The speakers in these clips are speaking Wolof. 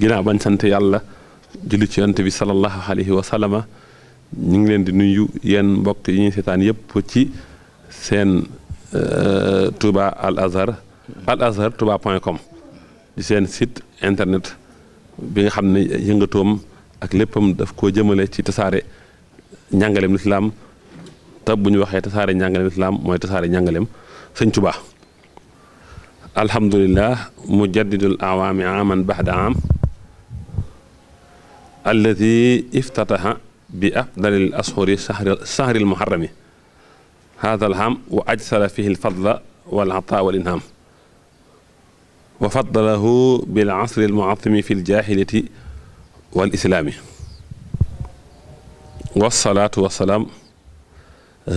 ginnaaw bañ sant yàlla julli ci yonent bi sallallahu alayhi wa ñu ngi leen di nuyu yéen mbokk yi ñuy seetaan yëpp ci seen euh, tubaa Al Azhar Al Azhar point com di seen site internet bi nga xam ne yëngatoom ak léppam daf koo jëmale ci tasaare njàngaleem lislaam te bu ñu waxee tasaare njàngaleem lislaam mooy tasaare njàngaleem sëñ Touba alhamdulilah mujaddidul awaami aman baxda am allati iftataha bi afdalil ashuri sahril muharrami hada alham wa ajsala fihi alfadla walata walinham wa faddalahu bil asri almuazimi fi aljahilati walislaami wasalaatu wasalaam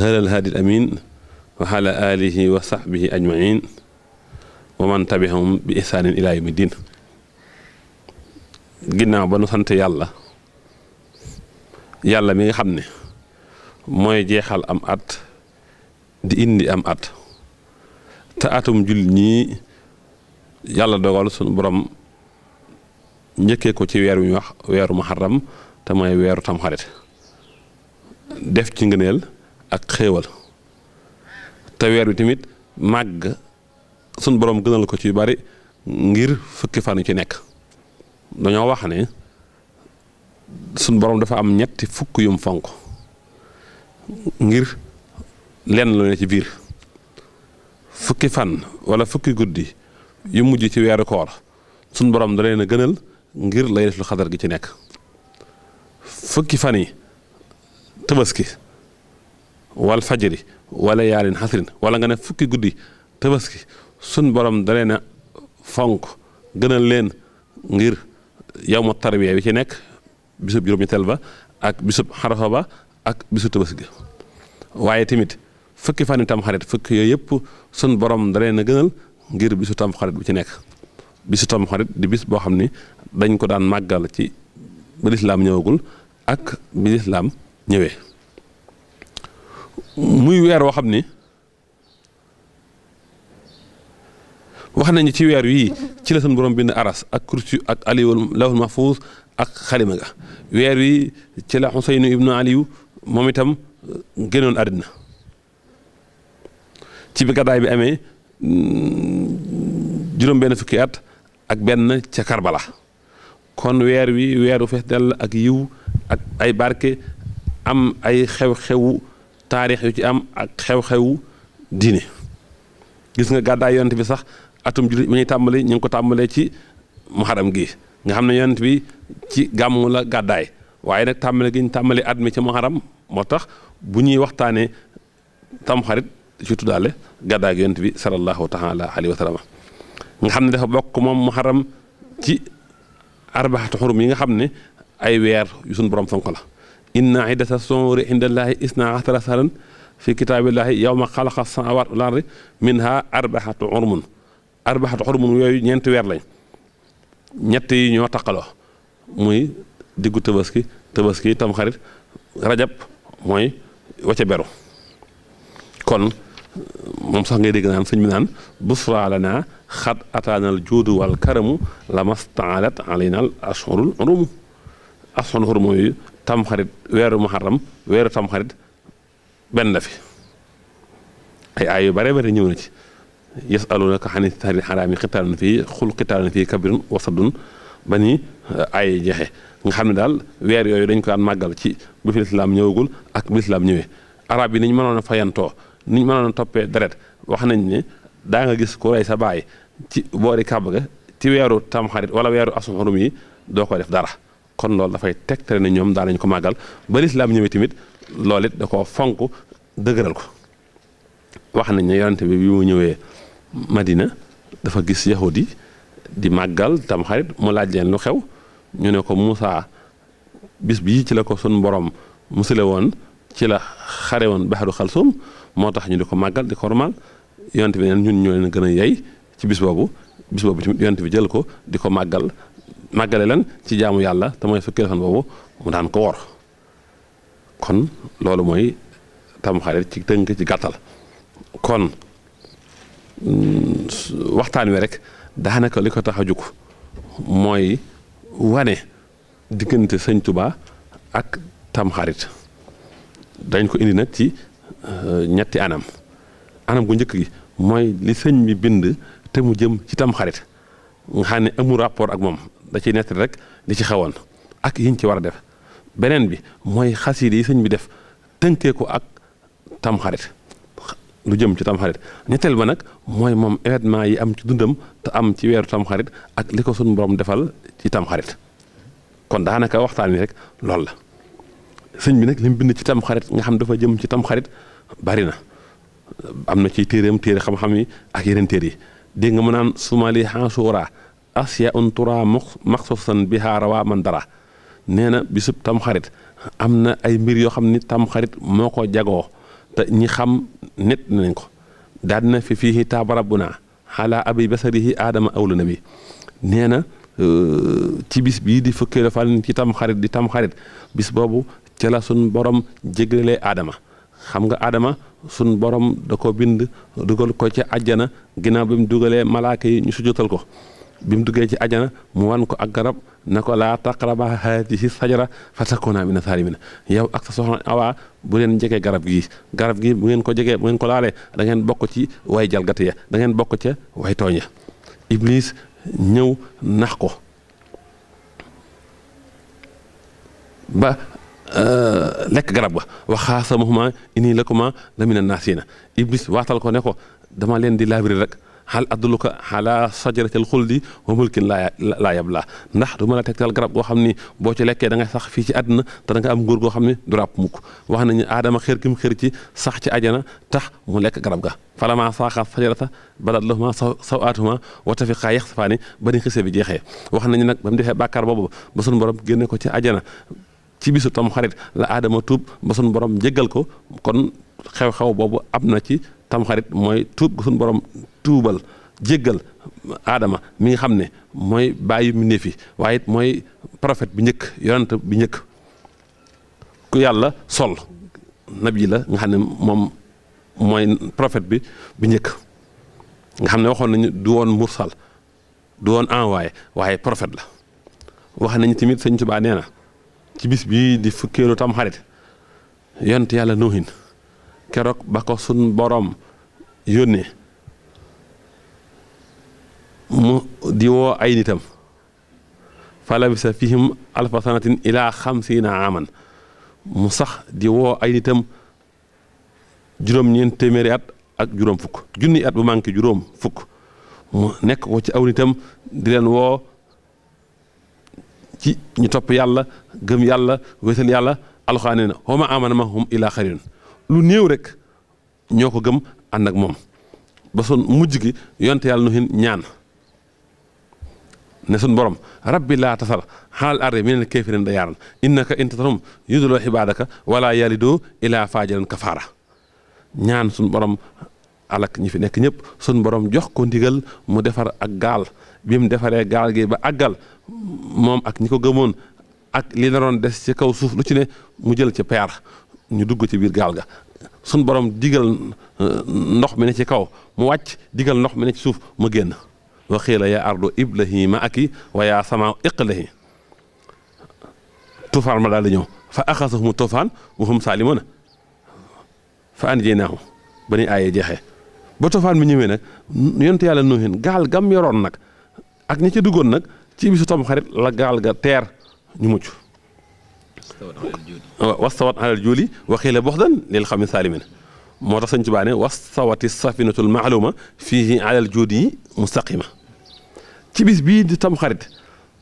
halal haadi al amin wa ala alihi wa sahbihi ajmain wa man tabiahum bi ihsaanin ila yawmi ddin ginnaaw ba nu sant yàlla yàlla mi nga xam ne mooy jeexal am at di indi am at te atum jullit ñii yàlla dogal sunu boroom njëkkee ko ci weer wi ñu wax weeru muharram te mooy weeru tamxarit def ci ngëneel ak xéewal te weer wi tamit màgg suñ boroom gënal ko ci bari ngir fukki fan yu ci nekk dañoo wax ne suñ borom dafa am ñetti fukk yum fonk ngir lenn lu ne ci biir fukki fan wala fukki guddi yu mujj ci weeru koor suñ borom da leen a gënal ngir lay def lu xadar gi ci nekk fukki fan yi tabaski wal fajri wala yaalin xasrin wala nga ne fukki guddi tabaski suñ borom da leen fonk gënal leen ngir yow ma tarwiya bi ci nekk bisub juróom-ñetteel ba ak bisub xarafa ba ak bisub tabaski waaye tamit fukki fan tam xarit fukki yooyu yëpp sun borom da na gënal ngir bisu tam xarit bu ci nekk bisu tam xarit di bis boo xam ni dañ ko daan màggal ci ba lislaam ñëwagul ak bi ñëwee muy weer woo xam ni wax nañu ci weer yii ci la sunu borom bind aras ak kursi ak aliwul lawul mahfuus ak xalima ga weer wi ci la xuseynu ibnu aliyu moom itam uh, génnoon àddina ci bi gàddaay bi amee mm, juróom benn fukki at ak benn ca Karbala kon weer wi weeru fees dell ak yiw ak ay barke am ay xew-xewu taarix yu ci am ak xew-xewu diine gis nga gàddaay yonent bi sax atum jullit mi ñuy tàmbali ñu ngi ko tàmbalee ci muharam gi nga xam ne yonent bi ci gàmmu la gàddaay waaye nag tàmbale gi ñu tàmbali at mi ci muharam moo tax bu ñuy waxtaanee tamxarit ci tuddaale gàddaay gi yonent bi sallallahu taala alayhi wa sallam nga xam ne dafa bokk moom muharam ci arbaxatu xurum yi nga xam ne ay weer yu suñu borom fonk la inna iddata sumuri indallaahi isna asara sahran fi kitaabillahi yawma xalaqa samaawaati wal ardi minha arbaxatu xurumun arbaxatu xurumun yooyu ñeenti weer lañ ñett yi ñoo taqaloo muy diggu tabaski tabaski tamxarit rajab mooy wacce beru kon moom sax ngay dégg naan sëñ bi naan busra lana xat ataanal juudu karamu la mastaalat alaynal ashhurul xurumu ashhurul tamxarit weeru muharram weeru tamxarit benn la fi ay aay yu bare bare ñëw na ci yasalunaka xani tahri xaraami xitaalun fii xul xitaalun fii kabirun wasadun ba ni ay jeexe nga xam ne daal weer yooyu dañ ko màggal ci bu ñëwagul ak lislaam ñëwee arab yi ni mënoon a fayantoo ni ñu toppee deret wax nañ ne daa nga gis ku sa baay ci boori kàbb ga ci weeru tamxarit wala weeru asu xurum yi doo ko def dara kon loolu dafay tegtale na ñoom daa nañ ko màggal ba lislaam ñëwee tamit loolu it da koo fonk dëgëral ko wax nañ ne yonente bi bi mu ñëwee Madina dafa gis yahudi di màggal tamxarit mu laaj leen lu xew ñu ne ko Moussa bis bii ci la ko sun borom musale woon ci la xare woon baxaru xalsum moo tax ñu di ko màggal di ko ormal yonent bi neen ñun ñoo leen gën a yay ci bis boobu bis boobu tamit yonent bi jël ko di ko màggal màggale leen ci jaamu yàlla te mooy fukki fan boobu mu daan ko wor kon loolu mooy tamxarit ci tënk ci gàttal kon Mm, waxtaan wi rek daanaka li ko tax a jóg mooy wane diggante sëñ tubaa ak tamxarit dañ ko indi nag ci euh, ñetti anam anam gu njëkk gi mooy li sëñ bi bind te mu jëm ci tamxarit nga xam ne amul rapport ak moom da ciy nettali rek li ci xewoon ak yiñ ci war a def beneen bi mooy xasiida yi sëñ bi def tënkee ko ak tamxarit lu jëm ci tamxarit ñetteel ba nag mooy moom événement yi am ci dundam te am ci weeru tamxarit ak li ko suñu borom defal ci tamxarit kon daanaka waxtaan yi rek loolu la sëñ bi nag li mu bind ci tamxarit nga xam dafa jëm ci tamxarit bari na am na ci téeréem téere xam yi ak yeneen téere yi dégg nga mu naan sumali xansuura asya un tura bi bihaa waa man dara nee na bisub tamxarit am na ay mbir yoo xam ni tamxarit moo ko jagoo te ñi xam nit nañ ko daal dina fi fii taaba rabbuna ala abi basarihi aadama awlu nabi nee na euh, ci bis bii di fukkeelu fan ci tam di tam bis boobu ca la sun borom jéglelee aadama xam nga aadama sun borom da ko bind dugal ko ca àjjana ginnaaw bi mu dugalee malaaka yi ñu sujjotal ko bi mu duggee ci ajana mu wan ko ak garab na ko laa taqraba haadihi sajara fa takuna mi na yow ak sa soxna Awa bu leen jegee garab gii garab gi bu ngeen ko jegee bu ngeen ko laalee da ngeen bokk ci way jalgati ya da ngeen bokk ca way tooñ ya Iblis ñëw nax ko ba euh, lekk garab wax sa ba waxaa sama xuma inni lakuma lamina na Iblis waatal ko ne ko dama leen di laabiri rek. hal adulluka ala sajaratil xuldi wa mulkin laa laa yablaa ndax du ma la tegtal garab goo xam ni boo ci lekkee da nga sax fii ci àdduna te da nga am nguur goo xam ni duraap ràpp mukk wax nañu aadama xër gi mu xër ci sax ci ajana tax mu lekk garab ga falamaa saaqa sajarata badat lahumaa sawaatuhumaa wa tafiqaa yaxsifaani ba ni xise bi jeexee wax nañu nag ba mu defee bàkkaar boobu ba sunu borom génne ko ci ajana ci bisu tam xarit la aadama tuub ba sunu borom jéggal ko kon xew-xew boobu am na ci tamxarit mooy tuub gu suñu borom tuubal jéggal aadama mi nga xam ne mooy bàyyi mu neefi waaye mooy prophète bi njëkk yonent bi njëkk ku yàlla sol nabi la nga xam ne moom mooy prophète bi bu njëkk nga xam ne waxoon nañu du woon mursal du woon envoyé waaye prophète la wax nañu tamit sëñ Tuubaa nee na ci bis bii di fukkeelu tamxarit yonent yàlla noohin keroog ba ko sun boroom yónni mu di woo ay nitam fa labisa fihim alfa sanatin ilaa xamsiina aman mu sax di woo ay nitam juróom-ñeent téeméeri at ak juróom fukk junni at bu manqué juróom fukk mu nekk ko ci aw nitam di leen woo ci ñu topp yàlla gëm yàlla wéetal yàlla alxaane na homa amana ma hum ilaa xarin lu néew rek ñoo ko gëm ànd ak moom ba sun mujj gi yonte yàlla nu hin ñaan ne sun borom rabbi laa tasal xalal arde minal kaafiriina dayyaaran innaka in tasarhum yudiloo ibaadaka wala yalidoo ilaa faajiran kafaara ñaan sun borom alak ñi fi nekk ñëpp sun borom jox ko ndigal mu defar ak gaal bi mu defaree gaal gi ba àggal moom ak ñi ko gëmoon ak li naroon des ci kaw suuf lu ci ne mu jël ci peer ñu dugg ci biir gaal ga suñ borom digal euh, ndox mi ne ci kaw mu wàcc digal ndox mi ne ci suuf mu génn wa xiila yaa ardu iblahi aki wa yaa sama iqlahi tufaan ma daal di ñëw fa axasahum tufaan wa hum saalimuna fa anjaynaahum ba ni aayee jeexee ba tufaan mi ñëwee nag yonte yàlla noohin gaal gam yoroon nag ak ñi ci duggoon nag ci bisu tam xarit la gaal ga teer ñu mucc wastawat alal juuli waxiila buxdan lil xawmi saalimin moo tax sëñ Tuubaa ne wastawati safinatul maaluma fii alal juudi yi mustaqima ci bis bii di tam xarit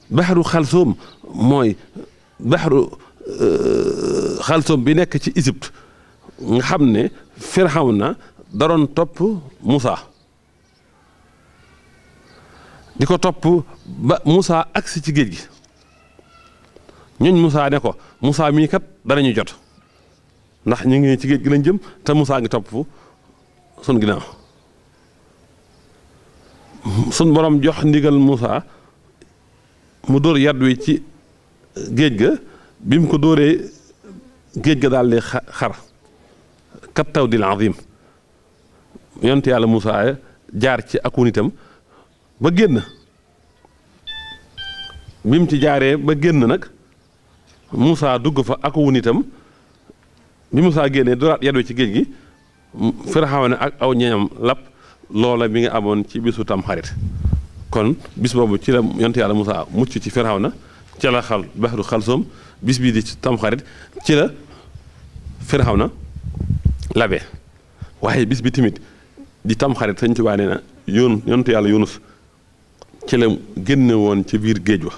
baxaru xalsoom mooy baxaru euh, xalsoom bi nekk ci Égypte nga xam ne Firawna daroon topp Moussa di ko topp ba Moussa agsi ci géej gi ñooñ Moussa ne ko Moussa mii kat danañu jot ndax ñu ngi ne ci géej gi lañ jëm te Moussa ngi topp suñ ginnaaw suñ boroom jox ndigal Moussa mu dóor yat wi ci géej ga bi mu ko dóoree géej ga daal di xar kat taw di azim yonent yàlla Moussa jaar ci akun itam ba génn bi mu ci jaaree ba génn nag Moussa dugg fa ak wun itam bi musaa génnee doraat yadu ci géej gi na ak aw ñeñam lap loola bi nga amoon ci bisu Tamxarit kon bis boobu ci la yonent yàlla Moussa mucc ci Firawna ci la xal baxru bis bii di Tamxarit ci la Firawna labe waaye bis bi tamit di Tamxarit Sëñ Tuubaa nee na yoon yonent yàlla Yunus ci la génne woon ci biir géej wa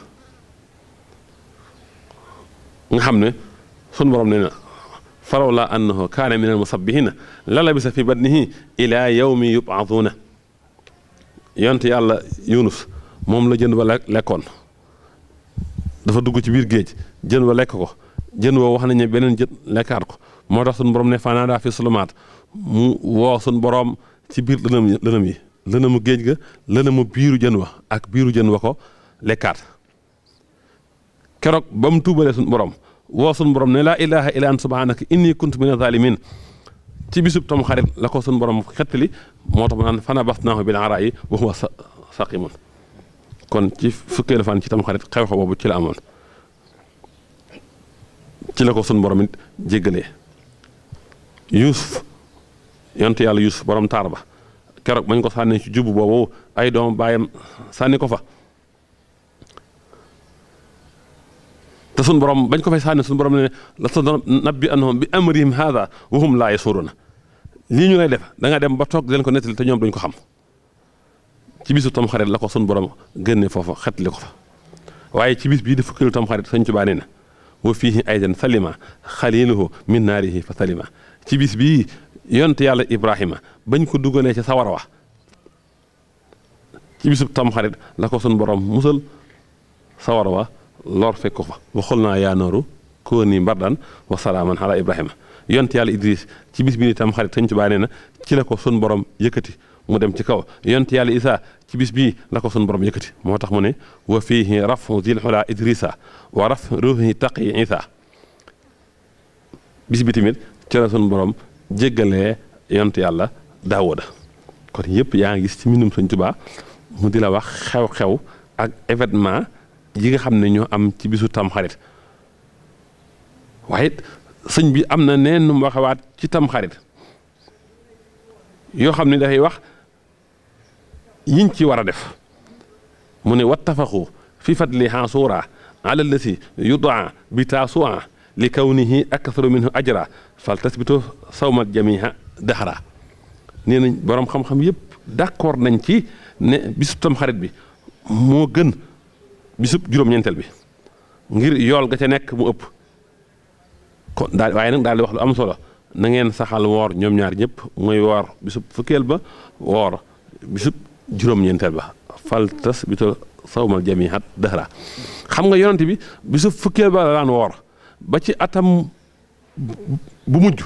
nga xam ne sunu borom ne na faraw laa annahu kaana min al musabbihina la labisa yow mi ila yawmi yub'athuna yonent yàlla yunus moom la jën ba lekkoon dafa dugg ci biir géej jën wa lekk ko jën woo wax nañu beneen jën lekkaat ko moo tax sunu borom ne fa naadaa fi sulumaat mu woo sunu borom ci biir lënam lënam yi lënamu géej ga lënamu biiru jën wa ak biiru jën wa ko lekkaat keroog ba mu tuubalee suñu borom woo suñu borom ne laa ilaha illa anta subhanaka inni kuntu mina zalimin ci bisub tam xarit la ko suñu borom xettali moo tax mu naan bi bas naahu bil araayi wa huwa saqimun kon ci fukkeelu fan ci tam xarit xew-xew boobu ci la amoon ci la ko suñu borom jéggalee Yuusuf yontu yàlla Yuusuf borom taar ba keroog bañ ko sànnee ci jubbu boobu ay doom bàyyam sànni ko fa te sunu borom bañ ko fay sànni sunu borom ne la sa nabbi annahum bi amrihim haada wa hum laa yashuruna lii ñu lay def da dem ba toog leen ko nettali te ñoom duñ ko xam ci bisu tam xarit la ko sunu borom génne foofa xetli ko fa waaye ci bis bii di fukkilu tam xarit Sëñ Tuubaa nee na wa fiihi aydan salima xaliluhu min naarihi fa salima ci bis bii yont yàlla Ibrahima bañ ko dugalee ca sawar wa ci bisub tam la ko sunu borom musal sawar wa lor fekku fa waxul naa yaa nooru koo nii mbardan wa salaaman ala ibrahima yont yàlla idris ci bis bii ni tam xarit sëñ Tuubaa nee na ci la ko sun borom yëkkati mu dem ci kaw yont yàlla isa ci bis bii la ko borom yëkkati moo tax mu ne wa fiihi rafu zil xula idrisa wa raf ruuhi taqi isa bis bi tamit ci la sun borom jéggalee yont yàlla daawuda kon yëpp yaa ngi gis ci mbindum sëñ Tuubaa mu di la wax xew-xew ak événement yi xam ne ñoo am ci bisu tamxarit waaye sëñ bi am na neen nu mu ci tamxarit yoo xam ne dafay wax yiñ ci war a def mu ne wat tafaxu wattafaxu fi fadli xansuura ala allati yudaa bi taasuwa li kawnihi aktharo minhu ajra fal tasbito sawmat jamiha daxara nee nañ boroom xam-xam yëpp d'accord nañ ci ne bisu tamxarit bi moo gën bisub juróom-ñeenteel bi ngir yool ga ca nekk mu ëpp kon daal waaye nag daal wax lu am solo nangeen ngeen saxal woor ñoom ñaar ñëpp muy woor bisub fukkeel ba woor bisub juróom-ñeenteel ba fal tas bitul sawmal jamihat dahra xam nga yonante bi bisub fukkeel ba la daan woor ba ci atam bu mujj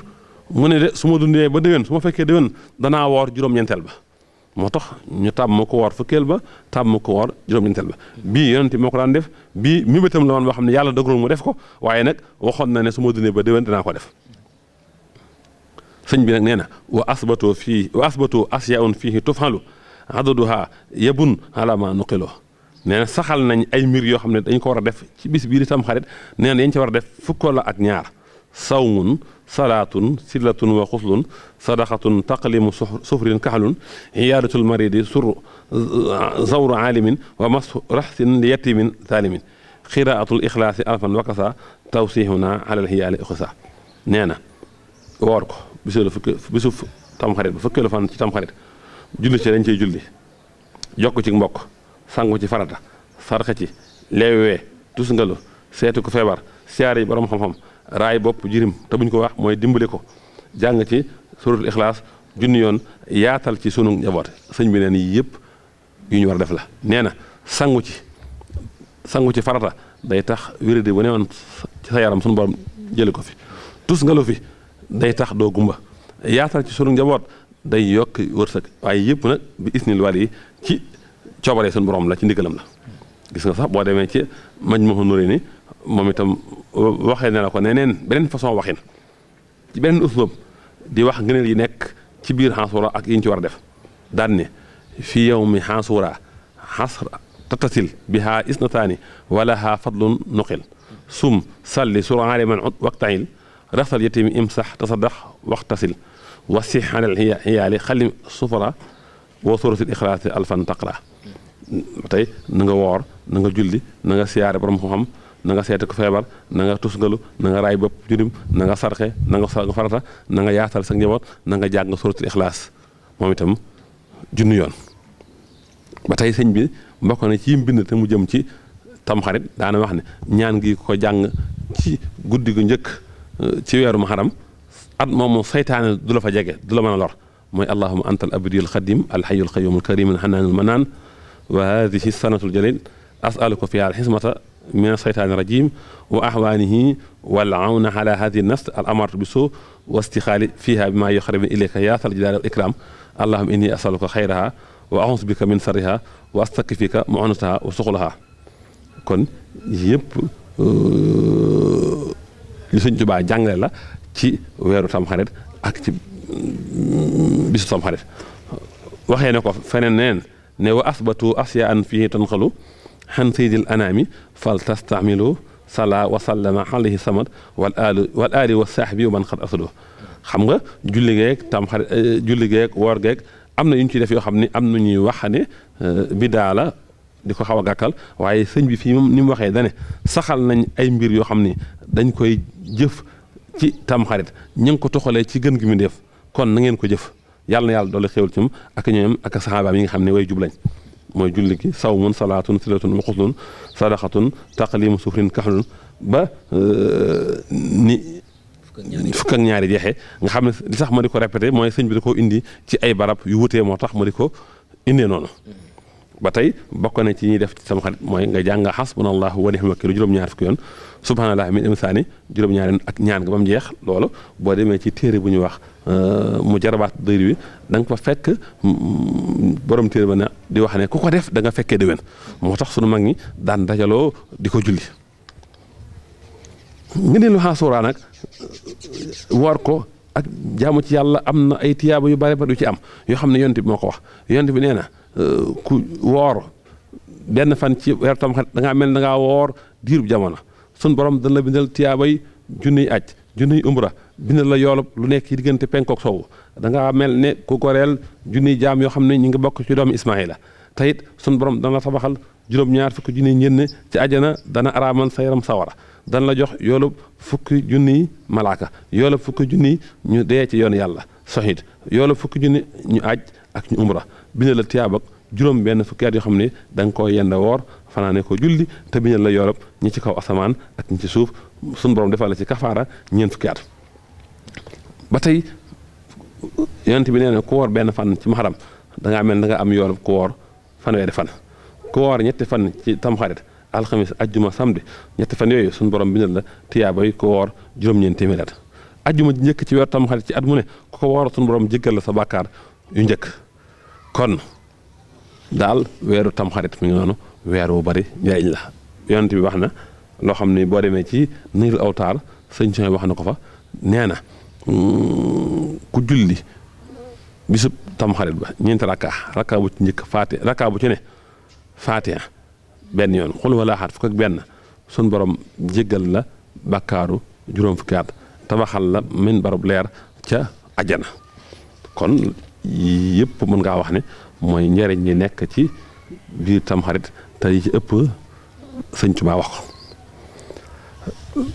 mu ne de su ma dundee ba déwén su ma fekkee déwén danaa woor juróom-ñeenteel ba moo tax ñu tàmm ko woor fukkeel ba tàmm ko woor juróom-ñeenteel ba bii yonente moo ko daan def bii mi bëtam la woon boo xam ne yàlla dëggoon mu def ko waaye nag waxoon na ne suma dunee ba déwén dinaa ko def sëñ bi nag nee na wa asbato fii wa fii asyaun fihi tufalu adaduha yabun ma nuqiloo nee na saxal nañ ay mbir yoo xam ne dañ ko war a def ci bis bii di tam xarit nee na yañ war a def fukk la ak ñaar sawmun salaatun sillatun wa xuslun sadaxatun taqlimu sufrin kaxlun iyaadatul maridi sur zawru aalimin wa masu raxsin li yatimin saalimin xiraatul ixlaasi alfan wakasa tawsihuna alal hiyaali uxisa nee na woor ko bisu fukki bisu tamxarit ba fan ci tamxarit julli ci dañ cey julli jokk ci mbokk sangu ci farata sarxe ci leewee tusngalu seetu ko feebar siyaare yi borom xam-xam raay bopp jirim te buñ ko wax mooy dimbali ko jàng ci suratul ixlaas junni yoon yaatal ci sunu njaboot sëñ bi neen yi yëpp yu ñu war def la nee na sangu ci sangu ci farata day tax wéradi bu newoon ci sa yaram sunu borom jëli ko fi tus nga fi day tax doo gumba yaatal ci sunu njaboot day yokk wërsëg waaye yëpp nag bi isnil yi ci coobare sunu borom la ci ndigalam la gis sax boo demee ci maj ma ni moom itam waxe na la ko neneen beneen façon waxin ci beneen uslub di wax ngëneel yi nekk ci biir xaasuura ak yi ci war a def daan ne fii yow mi xaasuura bi tatasil bihaa isnataani wala haa fadlun nuqil sum salli suraale man ut waqtayil raxsal yatimi imsax tasaddax waxtasil wasi anel xiyaali xalim sufara woo suratil ixlaasi alfan taqra tey na nga woor na nga julli nanga nga siyaare borom ko xam nanga nga ko feebar na nga tusngalu na nga raay bopp jurim na nga sarxe na nga farata na nga yaatal sa njaboot na nga jàng suratul ixlaas moom itam junni yoon ba tey sëñ bi mbokk ci mbind te mu jëm ci tamxarit daana wax ne ñaan gi ko jàng ci guddi gu njëkk euh, ci weeru muharram at moomu saytaane du la fa jege du la mën a lor mooy allahuma anta al abdiyul xadim alxayul xayumul karim alxanaanul manaan di hadihi sanatul jalil asaluka fiha alxismata min alsheytaan irajim wa axwaanihi wal awna ala hadihi nas al amaratu bi suu wa istixaali fiha bi maa yoxaribin ilayka yaa sal jilaali wal ikram allahuma inni asaluka xayraha wa axusu bika min sarriha wa astakfika muanataha wa suxulaha kon yëpp euh, li Sëñ Tuubaa jàngale la ci weeru tamxarit ak ci mm, bisu tamxarit waxee ne ko feneen neen ne wa asbatu asya an fii tanqalu xan sayyidil anaami fal tastamilu sala wa sallama alayhi samad wal ali wal ali wa sahbi xam nga julli geeg tam xarit eh, julli geeg woor geeg am na yu ñu ciy def yoo xam ni am na ñuy wax ne eh, bidaa la di ko xaw a gàkkal waaye sëñ bi fii moom ni mu waxee dane saxal nañ ay mbir yoo xam ni dañ koy jëf ci tam ñu ngi ko toxalee ci gën gi mu def kon na ngeen ko jëf yàlla na yàlla doole xéwal ci moom ak ñoom ak saxaabaam yi nga xam ne way jublañ mooy julli gi sawmun salaatun silatun muxuslun sadaxatun taqlimu sufrin kaxlun ba euh, ni. fukk ak ñaari jeexee nga xam ne li sax ma di ko répété mooy sëñ bi da koo indi ci ay barab yu wutee moo tax ma di ko indee noonu. ba tey bokk na ci ñuy def ci sama xarit mooy nga jàng xasbunallahu wa ni'mal wakiil juróom-ñaar fukki yoon. subhanallah min imsaani juróom-ñaari ak ñaan nga ba mu jeex loolu boo demee ci téere bu ñu wax euh, mu jarabaat dër wi da nga fekk mm, borom téere ba ne di wax ne ku ko def danga fekkee déwén moo tax sunu mag ñi daan dajaloo di ko julli nga ne lu xaasuraa nag euh, woor ko ak jaamu ci yàlla am na ay tiyaaba yu bare ba du ci am yoo xam ne yonent bi moo ko wax yonent bi nee na euh, ku woor benn fan ci weer tam da ngaa mel da ngaa woor diirub jamono sun borom dana la bindal tiyaabay junni aj junniy umra bindal la yoolub lu nekk ci diggante penkook sowu da mel ne ku ko goreel junni jaam yoo xam ne ñu ngi bokk ci doomu Ismaayila la it sun borom dana la tabaxal juróom-ñaar fukki junniy ñenn ci ajana dana araamal sa yaram sawara dana la jox yoolub fukki junni malaaka yoolub fukki junni ñu dee ci yoon yàlla soxit yoolub fukki junni ñu aj ak ñu umra bindal la tiyaab ak juróom benn fukki yoo xam ne da nga koo yend woor fanaane ko julli te biñal la yorob ñi ci kaw asamaan ak ñi ci suuf suñ borom defal la ci kafaara ñeent fukki at ba tey yonent bi nee na ku woor benn fan ci muharram da ngaa mel da nga am yoolub ku woor fanweeri fan ku woor ñetti fan ci tamxarit alxamis ajjuma samedi ñetti fan yooyu suñu borom bindal la tiyaaba yi ku woor juróom ñeent téeméeri at ajjuma ji njëkk ci weer tamxarit ci at mu ne ku ko woor suñu borom jéggal la sa bàkkaar yu njëkk kon daal weeru tamxarit mi ngi weer wu bari njariñ la yonent bi wax na loo xam ni boo demee ci niirul awtaar sëñ Soñ wax na ko fa nee na mm, ku julli bisub tamxarit ba ñeenti rakka rakka bu ci njëkk faati rakka bu ci ne faatiha benn yoon xul wala xaat fukk ak benn sun borom jéggal la bakkaaru juróom fukki at tabaxal la min barab leer ca ajana kon yëpp mën ngaa wax ne mooy njariñ li nekk ci biir tamxarit te ci ëpp sëñ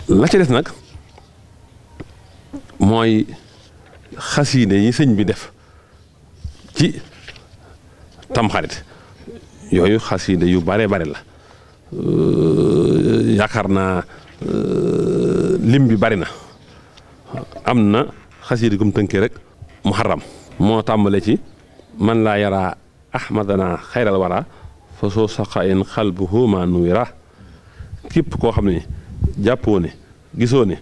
la ci des nag mooy xasiide yi sëñ bi def ci tamxarit yooyu xasiide yu bare bare la yaakaar naa lim bi bari na am na xasiide gum tënkee rek muharram moo tàmbale ci man laa yaraa ahmadana xayral wara fa soo saqaayin xal bu xuumaanu wira képp koo xam ne jàppoo ne gisoo ne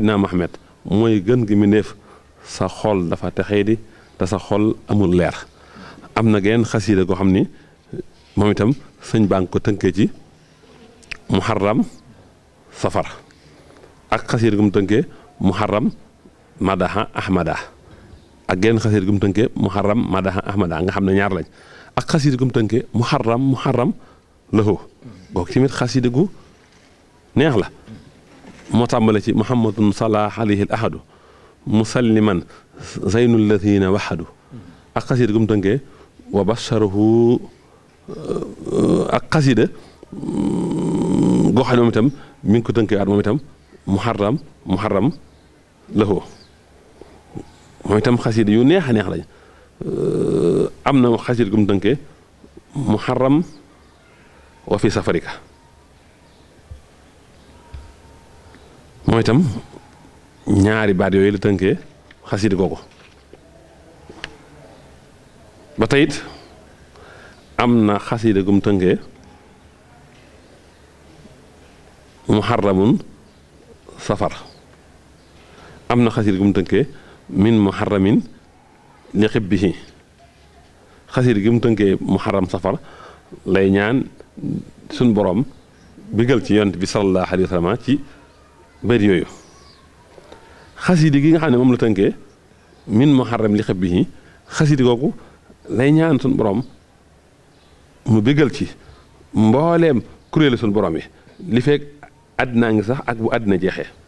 naa Mohamed mooy gën gi mu neef sa xol dafa texee di te sa xol amul leer am na genn xasiida koo xam ni moom itam sëñ baa ngi ko tënkee ci muharram safar ak xasiida gu mu tënkee muharram madaha ahmada ak genn xasiida gu mu tënkee muharram madaha ahmada nga xam ne ñaar lañ ak xasiida gu mu tënkee muharram muharram lahu kooku tamit xasiida gu neex la moo tàmbale ci muhammadun salah alayhi al ahadu musalliman zeynul lazina waxadu ak xasiida gu mu tënkee wa basharahu ak xasiida goo xam ne moom itam mi ngi ko tënkee waat moom itam muharram muharram lahu moom itam xasida yu neex a neex lañ am na xasida gu mu dënkee muharram wa fi safarika mooy itam ñaari baat yooyu la tënkee xasida googu ba tey it am na xasida gu mu tënkee muharramun safar am na xasida gu mu tënkee min muharramin li xibbihi xasiir gi mu tënkee mu xaram safar lay ñaan suñ boroom bégal ci yonent bi sallallahu alayhi wa sallam ci bëri yooyu xasiidi gi nga xam ne moom la tënkee min muharram li xibbihi xasiidi googu lay ñaan suñ boroom mu béggal ci mbooleem kuréelu suñ boroom yi li fekk àddinaa ngi sax ak bu àddina jeexee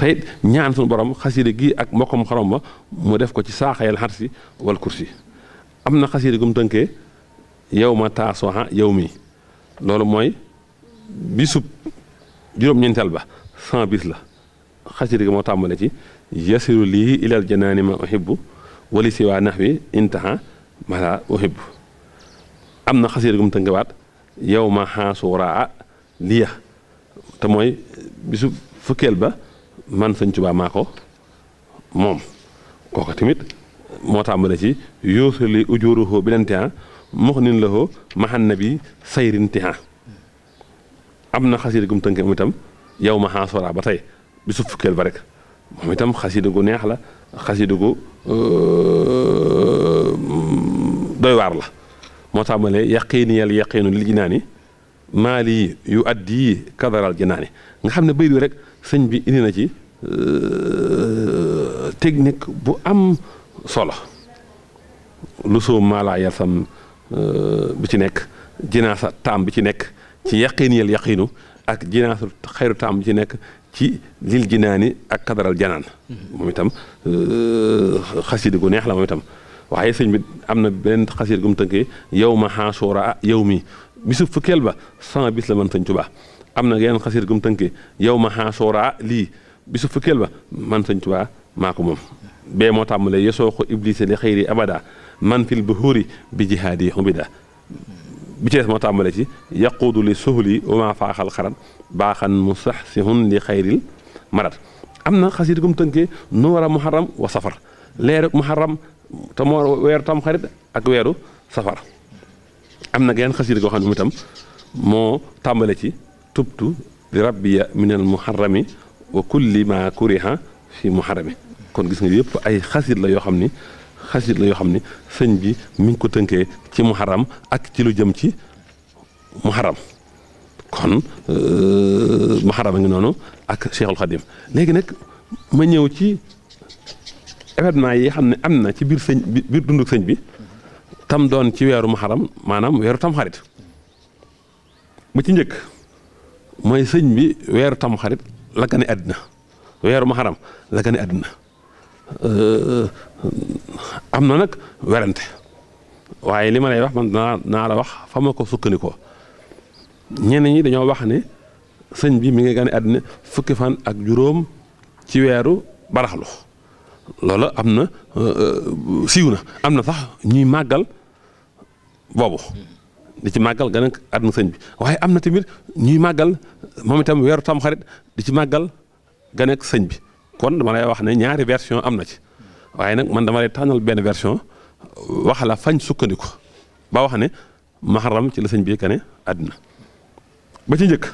tey ñaan suñu borom xasida gi ak mbokkam xorom ba mu def ko ci saaxayal xarsi wal kursi am na xasida gum tënkee yow ma taasoha yow mi loolu mooy bisub juróom-ñeenteel ba cent bis la xasida gi moo tàmbale ci yasiru lii ilal janaani ma uhibbu wali siwaa nax bi intaha mala uhibbu am na xasida gum tënkewaat yow ma xaasuraa liya te mooy bisub fukkeel ba man sëñ Tuubaa maa ko moom kooku tamit moo tàmbale ci yoosali ujuruhu bi leen tihan mox nin la ko maxan na bi sayrin am na xasida gum tënk moom itam yow ma xaasora ba tey bi fukkeel ba rek moom itam xasida gu neex la xasida gu euh, doy waar la moo tàmbalee yaqiiniyal yaqiinu lil jinaani maali yu addi kadaral jinaani nga xam ne bayit wi rek sëñ bi indi na ci euh, technique bu am solo lu soo maalaa yasam euh, bi ci nekk jinaasa taam bi ci nekk ci yaqiin yal yaqiinu ak jinaasa xayru taam bi ci nekk ci lil jinaani ak kadaral janaan mm-hmm. moom itam euh, xasida gu neex la moom itam waaye sëñ bi am na beneen xasida gu mu tënkee yow ma xaasuura yow mi bisu fukkeel ba sama bis la man sëñ Tuubaa am na yeneen xasir gum tënkee yow ma xaasooraa lii bisu fukkeel ba man sañ Tuubaa maa ko moom bee moo tàmbalee yesoo ko iblise li xëyri abada man fil buhuri bi jihaadi yi bi ci des moo tàmbalee ci yaquudu li suhli wa maa faaxal xarat baaxan mu sax si hun li xayril marat am na xasir gum tënkee nu war a muharram wa safar leerug muharram te moo weeru tam xarit ak weeru safar am na geneen xasir goo xam ne mu itam moo tàmbale ci tubtu li rabbiya minal muharrami wa kulli ma kuriha fi muharrami kon gis nga yëpp ay xasit la yoo xam ni xasit la yoo xam ni sëñ bi mi ngi ko tënkee ci muharram ak ci lu jëm ci muharram kon euh, muharram a ngi noonu ak Cheikhul Khadim léegi nag ma ñëw ci événement yi xam ne am na ci biir sëñ bi biir dunduk sëñ bi tam doon ci weeru muharram maanaam weeru tam xarit bu ci njëkk mooy sëñ bi weeru tam xarit la gane àddina weeru maxaram la gane àddina am na nag werante waaye li ma lay wax man naa la wax fa ma ko sukkandikoo ñenn ñi dañoo wax ni sëñ bi mu ngi gane àddina fukki fan ak juróom ci weeru baraxlu loolu am na siiw na am na sax ñuy màggal boobu di ci màggal gën a sëñ bi waaye am na tamit ñuy màggal moom itam weeru tam xarit di ci màggal gën sëñ bi kon dama lay wax ne ñaari version am na ci waaye nag man dama lay tànnal benn version waxala la fañ sukkandiku ba wax ne maxaram ci la sëñ bi gane àddina ba ci njëkk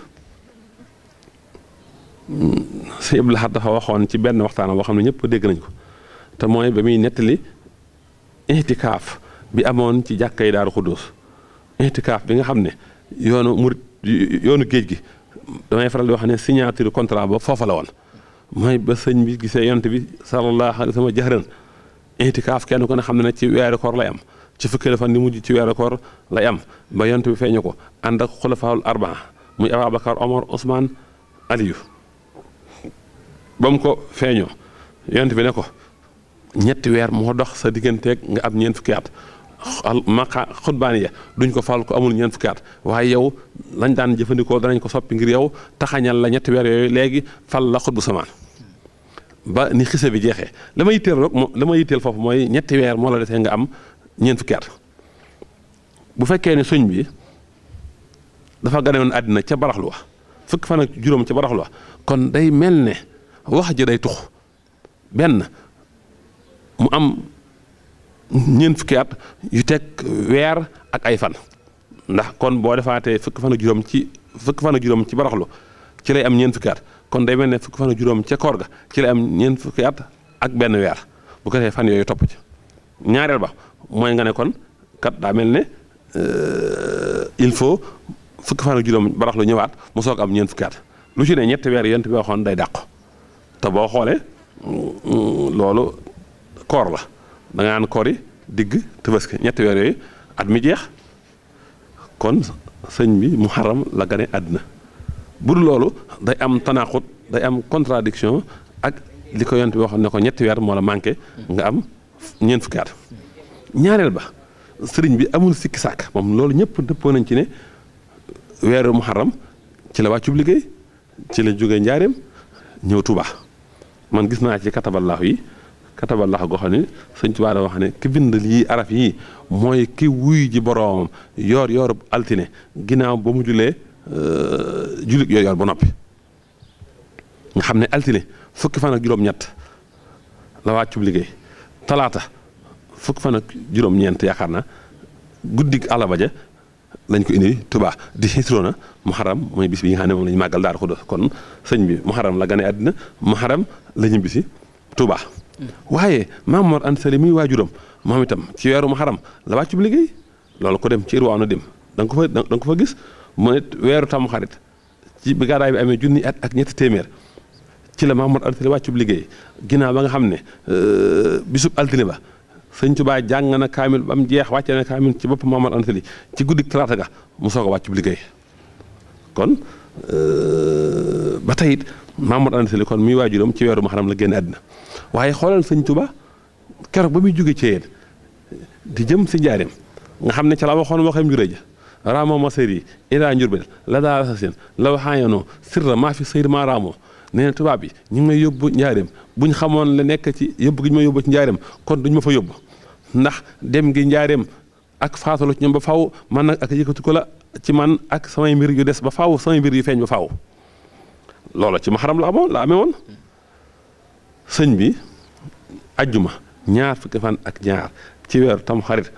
sëñ Abdou Lahad dafa waxoon ci benn waxtaan boo xam ne ñëpp dégg nañ ko te mooy ba muy nettali itikaaf bi amoon ci jàkkay daaru doos intikaaf bi nga xam ne yoonu murit yoonu géej gi damay faral di wax ne signature contrat ba foofa la woon mooy ba sëñ bi gisee yonent bi sallallahu alayhi sama sallam jaxëran intikaaf kenn ko ne xam ne ci weeru koor lay am ci fukkeelu fan ni mujj ci weeru koor lay am ba yonent bi feeñu ko ànd ak xulafaawul arbaa muy Ababacar Omar Ousmane Aliyu ba ko feeñoo yont bi ne ko ñetti weer moo dox sa digganteeg nga am ñeent fukki at maqa xutbaani ya duñ ko fal ko amul ñeent fukki waaye yow lañ daan jëfandikoo danañ ko soppi ngir yow taxañal la ñetti weer yooyu léegi fal la xutbu samaan ba ni xise bi jeexee la ma yitteel rek la ma yitteel foofu mooy ñetti weer moo la desee nga am ñeent fukki bu fekkee ne suñ bi dafa ganewoon àddina ca baraxlu wa fukki fan ak juróom ca baraxlu wa kon day mel ne wax ji day tux benn mu am ñeent fukki at yu teg weer ak ay fan ndax kon boo defaatee fukki fan juróom ci fukki fan juróom ci baraxlu ci lay am ñeent fukki at kon day mel ne fukki fan juróom ca koor ga ci lay am ñeent fukki at ak benn weer bu ko defee fan yooyu topp ci ñaareel ba mooy nga ne kon kat daa mel ne euh, il faut fukki fan ak juróom baraxlu ñëwaat mu soog am ñeent fukki at lu ci ne ñetti weer yonent bi waxoon day dàqu te boo xoolee mm, mm, loolu koor la da nga naan kori digg tëbaski ñetti weer yooyu at mi jeex kon sëñ bi muharram la gane àddina bu dul loolu day am tanaaxut day am contradiction ak li ko yonent bi waxoon ne ko ñetti weer moo la manqué nga am ñeent fukki at ñaareel ba sëriñ bi amul sikki sàkk moom loolu ñëpp dëppoo nañ ci ne weeru muharram ci la wàccub liggéey ci la jógee njaareem ñëw Tuubaa man gis naa ci kataballaahu yi katabal lax goo xam ne sëñ Tuubaa da wax ne ki bind yi araf yi mooy ki wuy ji boroomam yoor yoorub altine ginnaaw ba mu julee euh, julik yoor yoor ba noppi nga xam ne altine fukki fan ak juróom-ñett la wàccub liggéey talaata fukki fan ak juróom-ñeent yaakaar na guddig àllarba ja lañ ko indi Tuubaa di xisroona muharam mooy bis bi nga xam ne moom la ñu màggal Daaru Xudoos kon sëñ bi muharam la gane àddina muharam la ñu bisi Tuubaa waaye Maam Mor Anta Sali muy waajuram moom itam ci weeru Muharram la wàccu liggéey loolu ko dem ci Irwaaw na dem da ko fa da ko fa gis mu ne weeru Tammu Xarit ci bi gàddaay bi amee junni at ak ñetti téeméer ci la Maam Mor Anta Sali wàccu liggéey ginnaaw ba nga xam ne euh, bisub altine ba sëñ Tuubaa jàng na kaamil ba jeex wàcce na kaamil ci bopp Maam Mor Anta ci guddik talaata ga mu soog a wàccu liggéey kon euh, ba tey Mamour Anta Sali kon muy waajuram ci weeru Muharram la génn àddina waaye xoolal sañ tubaa keroog ba muy jóge ci yéen di jëm si njaarim nga xam ne ca la waxoon waxam juré ja raamo maser yi ila njurbel la daa rasasin la waxaayanoo sirra maa fi sayr maa raamo nee tubaab yi ñu ngi may yóbbu bu ñu xamoon la nekk ci yóbbu gi ñu ma yóbbu ci njaarim kon duñ ma fa yóbbu ndax dem gi njaarim ak faatalo ci ñoom ba faw man nag ak yëkkati la ci man ak samay mbir yu des ba faw samay mbir yu feeñ ba faw loola ci maxaram la amoon la amee woon sëñ bi ajjuma ñaar fukki fan ak ñaar ci weeru tam xarit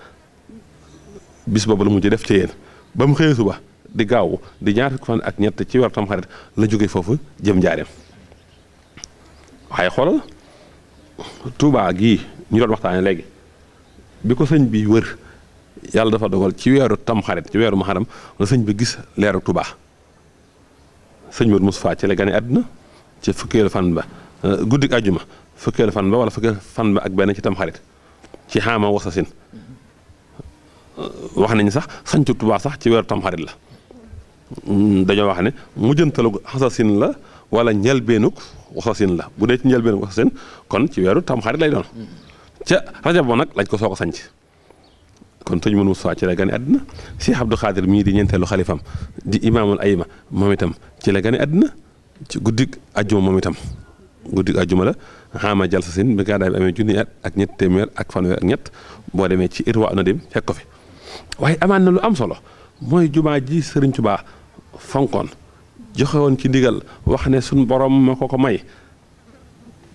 bis boobu la mu ci def ci ba mu xëyee suba di gaaw di ñaar fukki fan ak ñett ci weeru tam la jóge foofu jëm njaareem waaye xoolal tubaa gi ñu doon waxtaanee léegi bi ko sëñ bi wër yàlla dafa dogal ci weeru tam ci weeru maxaram la sëñ bi gis leeru tubaa sëñ Modou Moustapha ci la gane àdduna ci fukkeelu fan ba euh, guddi àjjuma fukkeelu fan ba wala fukkeelu fan ba ak benn ci tam xarit ci xaama wasasin euh, wax nañ sax sañcu Tuubaa sax ci weeru tam la mm, dañoo wax ne mujjantalu xasasin la wala njëlbeenuk wasasin la bu dee ci njëlbeenuk wasasin kon ci weeru tam xarit lay doon ca rajab nag lañ ko soog a sañc kon sëñ Manoune Moussa ci la gane àddina Cheikh Abdou Khadir mii di ñeenteelu xalifam di imaamul ayima moom itam ci la gane àddina ci guddig ajjuma moom itam guddig ajjuma la xaama jal sa sin bi gàddaay bi amee junni at ak ñett téeméer ak fanweer ak ñett boo demee ci irwa na dem fekk ko fi waaye amaan na lu am solo mooy jumaa ji Sëriñ Tuubaa fonkoon joxe woon ci ndigal wax ne suñ borom ma ko ko may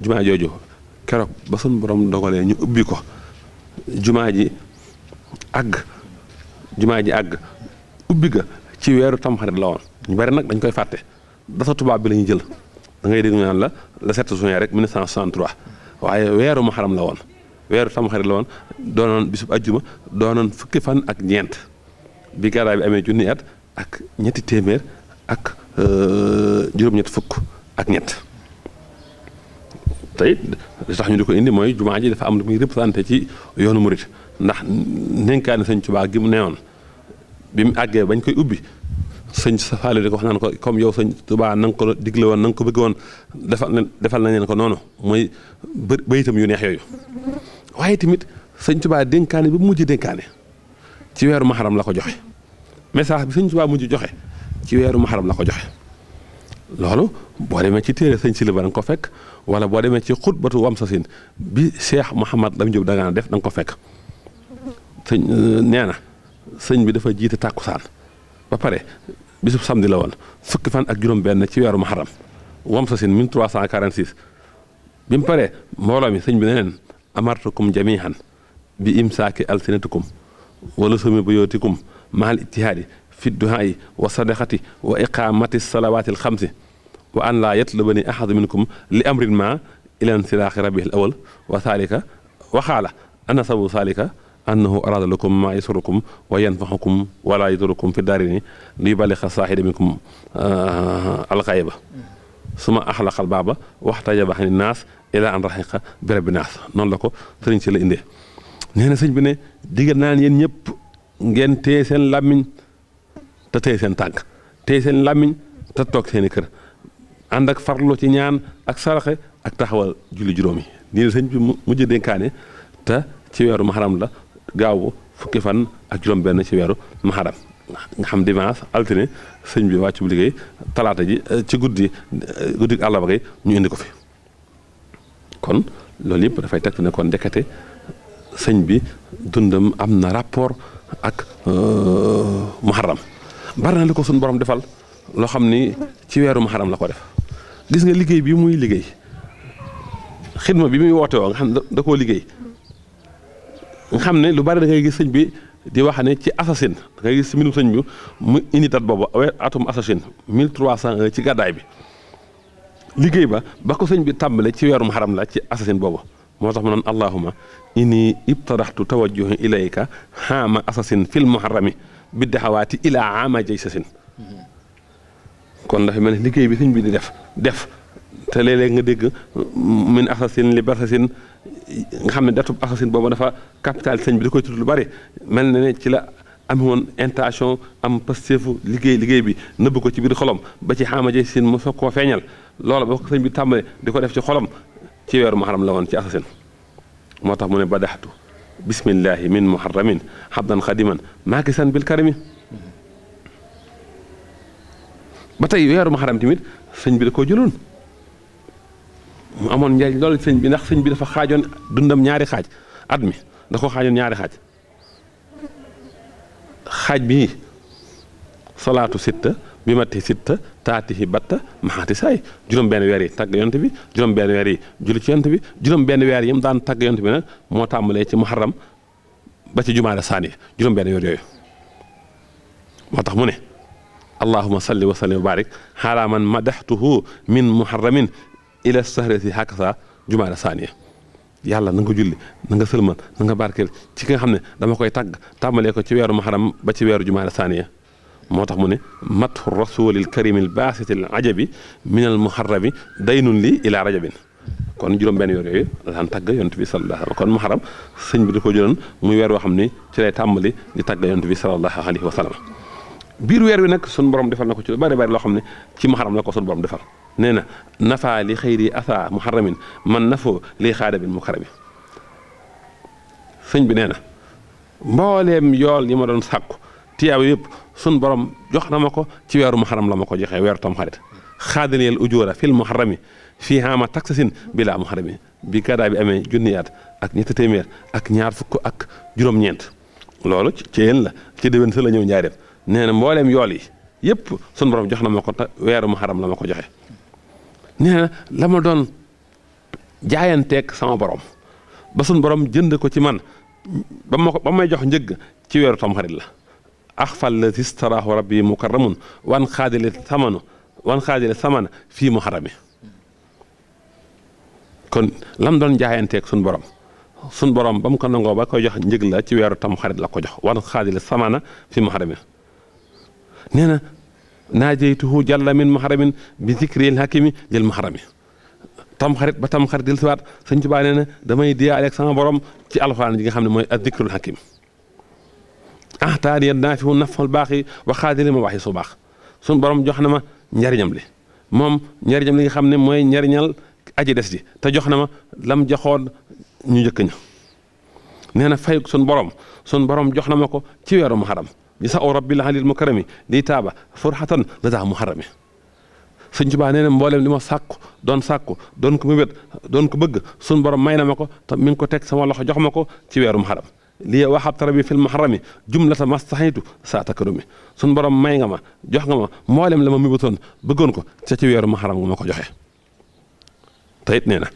jumaa jooju keroog ba suñ borom dogalee ñu ubbi ko jumaa ji àgg jumaa ji àgg ubbi ga ci weeru tamxarit la woon ñu bari nag dañ koy fàtte dasa tubaab bi la jël da ngay dégg naan la le 7 juin rek 1963 waaye weeru muharram la woon weeru tamxarit la woon doonoon bisub ajjuma doonoon fukki fan ak ñeent bi gàddaay bi amee junni at ak ñetti téeméer ak euh, juróom-ñett fukk ak ñett te it tax ñu di ko indi mooy jumaa ji dafa am lu muy représenté ci yoonu murit ndax nenkaani sañ Tuubaa gi mu neewoon bi mu àggee bañ koy ubbi sëñ Safaale di ko wax naan ko comme yow sëñ Tuubaa na ko digle woon nanga ko bëgg woon defal na defal nañ leen ko noonu mooy bayitam yu neex yooyu waaye tamit sëñ Tuubaa dénkaane bi mujj dénkaane ci weeru maxaram la ko joxe message bi sëñ Tuubaa mujj joxe ci weeru maxaram la ko joxe loolu boo demee ci téere sëñ Silla ba da ko fekk wala boo demee ci xutbatu wam sa sin bi Cheikh Mouhamad Lam Diop Dagana def danga ko fekk sëñ euh, nee na sëñ bi dafa jiite tàkkusaan ba pare bisub samedi la woon fukki fan ak juróom-benn ci weeru Muharram wam sa sin 1346 bi mu paree mbooloo mi sëñ bi ne leen amartukum jamihan bi imsaaki alsinatikum wala sumi buyootikum maal ittihaadi fi duhaai wa sadaqati wa iqaamati salawaati alxamsi wa an laa yatlubani ahadu minkum li amrin ma ila insilaaxi rabihi al awal wa thaalika wa xaala ana sabu thaalika annahu araada lakum maa yasurukum wa yanfaxukum wala yadurukum fi daarini li balixa saaxida minkum alxayba suma axlaqal baaba waxtaja baax ni naas ilaa an raxiqa bi rabbi naas noonu la ko sëriñ si la indee nee na sëñ bi ne digal naan yéen ñëpp ngeen téye seen làmmiñ te téye seen tànk téye seen làmmiñ te toog seeni i kër ànd ak farlu ci ñaan ak saraxe ak taxawal julli juróom yi diine sëñ bi mujj dénkaane te ci weeru maharam la gaaw fukki fan ak juróom benn ci weeru maharam nga xam dimanche altine sëñ bi wàccu bu liggéey talaata ji eh, ci guddi eh, guddi àllaba gay ñu indi ko fi kon loolu yëpp dafay teg ne kon ndekete sëñ bi dundam am na rapport ak eh, muharram bari na li ko suñu borom defal loo xam ni ci weeru muharram la ko def gis nga liggéey bi muy liggéey xidma bi muy woote woo nga xam da koo liggéey nga xam ne lu bari da ngay gis sëñ bi di wax ne ci assasine da ngay gis si mbirum sëñ bi mu indi date boobu atum assasine 1301 ci gàddaay bi liggéey ba ba ko sëñ bi tàmbale ci weeru muharram la ci assasine boobu moo tax mu naan allahuma inni ibtadaxtu tawajjuhi ilayka xaama assasine fil muharrami bi daxawaati ilaa ama jay sa sin kon dafa mel ni liggéey bi sëñ bi di def def te léeg-léeg nga dégg min asasin li basasin nga xam ne datub asasin boobu dafa capital sëñ bi da koy tudd lu bari mel na ne ci la am woon intention am pastefu liggéey liggéey bi nëbbu ko ci biir xolom ba ci xaama jay sin mu soog koo feeñal loola ba ko bi tàmbalee di ko def ci xolom ci weeru maxaram la woon ci asasin moo tax mu ne ba daxatu bismillahi min muharramin xabdan xadiman maakisan bil karimi ba tey weeru muharram tamit sëñ bi da koo jëloon mu amoon njariñ loolu sëñ bi ndax sëñ bi dafa xaajoon dundam ñaari xaaj at mi da ko xaajoon ñaari xaaj xaaj bii solaatu sitta bi matti sitta taatihi batta maxaati saay juróom benn weer yi tàgg yonte bi juróom benn weer yi julli ci yonte bi juróom benn weer yi mu daan tàgg yonte bi nag moo tàmbalee ci muharram ba ci jumaada saani juróom benn weer yooyu moo tax mu ne allahuma salli wa sallim wa barik xaalaa man madaxtuhu min muharramin ila sahrati hakasa jumaada saaniya yàlla na nga julli na nga sëlman na nga barkeel ci ki nga xam ne dama koy tàgg tàmbalee ko ci weeru muharram ba ci weeru jumaada saaniya moo tax mu ne matxu rasulil karimil baasitil ajabi minal muharrami daynun li ilaa rajabin kon juróom-benn yoor yooyu daan tàgg yonent bi sallallahu alayhi kon muharram sëñ bi da ko jëloon muy weer woo xam ni ci lay tàmbali di tàgg yonent bi sallallahu alayhi wa sallam biir weer wi nag sunu borom defal na ko ci lu bari bari loo xam ne ci muharram la ko sunu borom defal nee na nafa li xëyri asa muharramin man nafoo li xaadabin mukarami sëñ bi nee na mbooleem yool yi ma doon sàkku tiyaaba yëpp sun borom jox na ma ko ci weeru muharram la ma ko joxee weeru tam xarit xaadaleel ujoora fil muharrami fii haama taksasin bila muharrami bi gàddaa bi amee junni ak ñetti téeméer ak ñaar fukk ak juróom-ñeent loolu ci yéen la ci déwén sa la ñëw njaareem nee na mbooleem yool yi yëpp sun borom jox na ma ko te weeru muharram la ma ko joxe nee la ma doon jaayanteeg sama borom ba sun borom jënd ko ci man ba ma ko ba may jox njëgg ci weeru tam la axfa allati istaraahu rabbi mukarramun wan xaadile samanu wan xaadile samana fii muharami kon lam doon jaayanteek suñ borom suñ borom ba mu ko nangoo ba koy jox njëg la ci weeru tam xarit la ko jox wan xaadile samana fii muharami nee na naajeytuhu jàlla min muharamin bi zikril hakimi lil muharami tam xarit ba tam xarit dil siwaat sëñ Tuubaa nee na damay dee aleeg sama borom ci alxuraan yi nga xam ne mooy azikrul hakim ah taariya naafihu nafal baax yi waxaadiri ma wax yi su baax suñ borom jox na ma njariñam li moom njariñam li nga xam ne mooy njariñal aji des ji te jox na ma lam joxoon ñu njëkk ña nee na fay suñu borom suñu borom jox na ma ko ci weeru xaram bi sa u rabbil alil mukarami lii taaba furxatan la daa muharrami Sëñ Tuubaa nee na mboolem li ma sàkku doon sàkku doon ko mu wét doon ko bëgg suñu borom may na ma ko te mi ko teg sama loxo jox ma ko ci weeru muharram lii waxab tara bi fil mahrami jumlata mastaxaytu saa takkarumi suñ borom may nga ma jox nga ma moolem la ma mibatoon bëggoon ko ca ci weeru mahram nga ma ko joxe te it nee na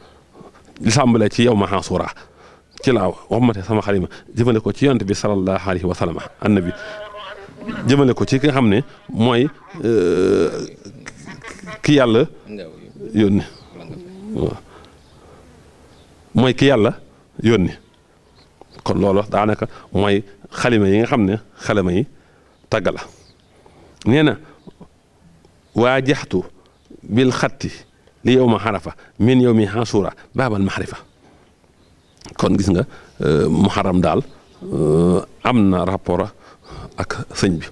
li sàmbale ci yow ma xaasuura ci laaw waxumate sama xarima jëmale ko ci yonent bi sallallahu alayhi wa sallam annabi jëmale ko ci nga xam ne mooy euh, ki yàlla yónni waaw mooy ki yàlla yónni kon loolu daanaka mooy xalima yi nga xam ne xalima yi tagg la nee na waa jaxtu bil xatti li yow ma xarafa min yow mi xasuura baabal maxarifa kon gis nga euh, muharam daal euh, am na rapport ak sëñ bi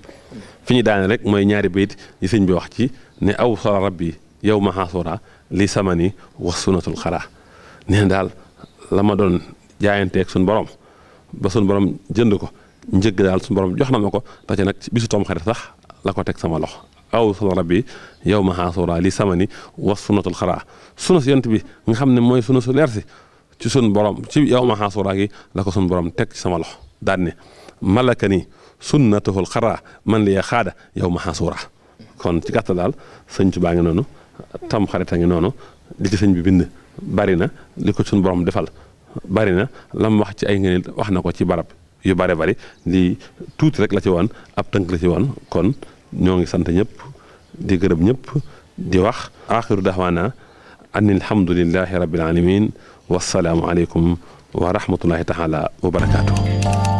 fi ñu daanee rek mooy ñaari bayit yi sëñ bi wax ci ne aw sala rabbi yow ma xasuura li samani wa sunatul xaraa nee na daal la ma doon jaayanteek suñu borom ba suñu borom jënd ko njëgg daal suñu borom jox na ma ko ba ci nag ci bisu tom xarit sax la ko teg sama loxo aw sunu rabbi yow ma xaasuraa li sama ni wax sunatul xaraa sunu si yent nga xam ne mooy sunu su leer si ci sunu borom ci yow ma xaasuraa gi la ko sunu borom teg ci sama loxo daal ne malaka ni sunnatuhul xaraa man li xaada yow ma xaasuraa kon ci gàttal daal sëñ ci baa ngi noonu tam xarit a ngi noonu li ci sëñ bi bind bari na li ko sunu borom defal. bari na lam wax ci ay ngëneel wax na ko ci barab yu bare bari li tuuti rek la ci woon ab tënk la ci woon kon ñoo ngi sant ñëpp di gërëm ñëpp di wax axiru daxwaana an alhamdulilahi rabbil alamin wasalaamu aleykum wa rahmatullahi taala wa barakaatu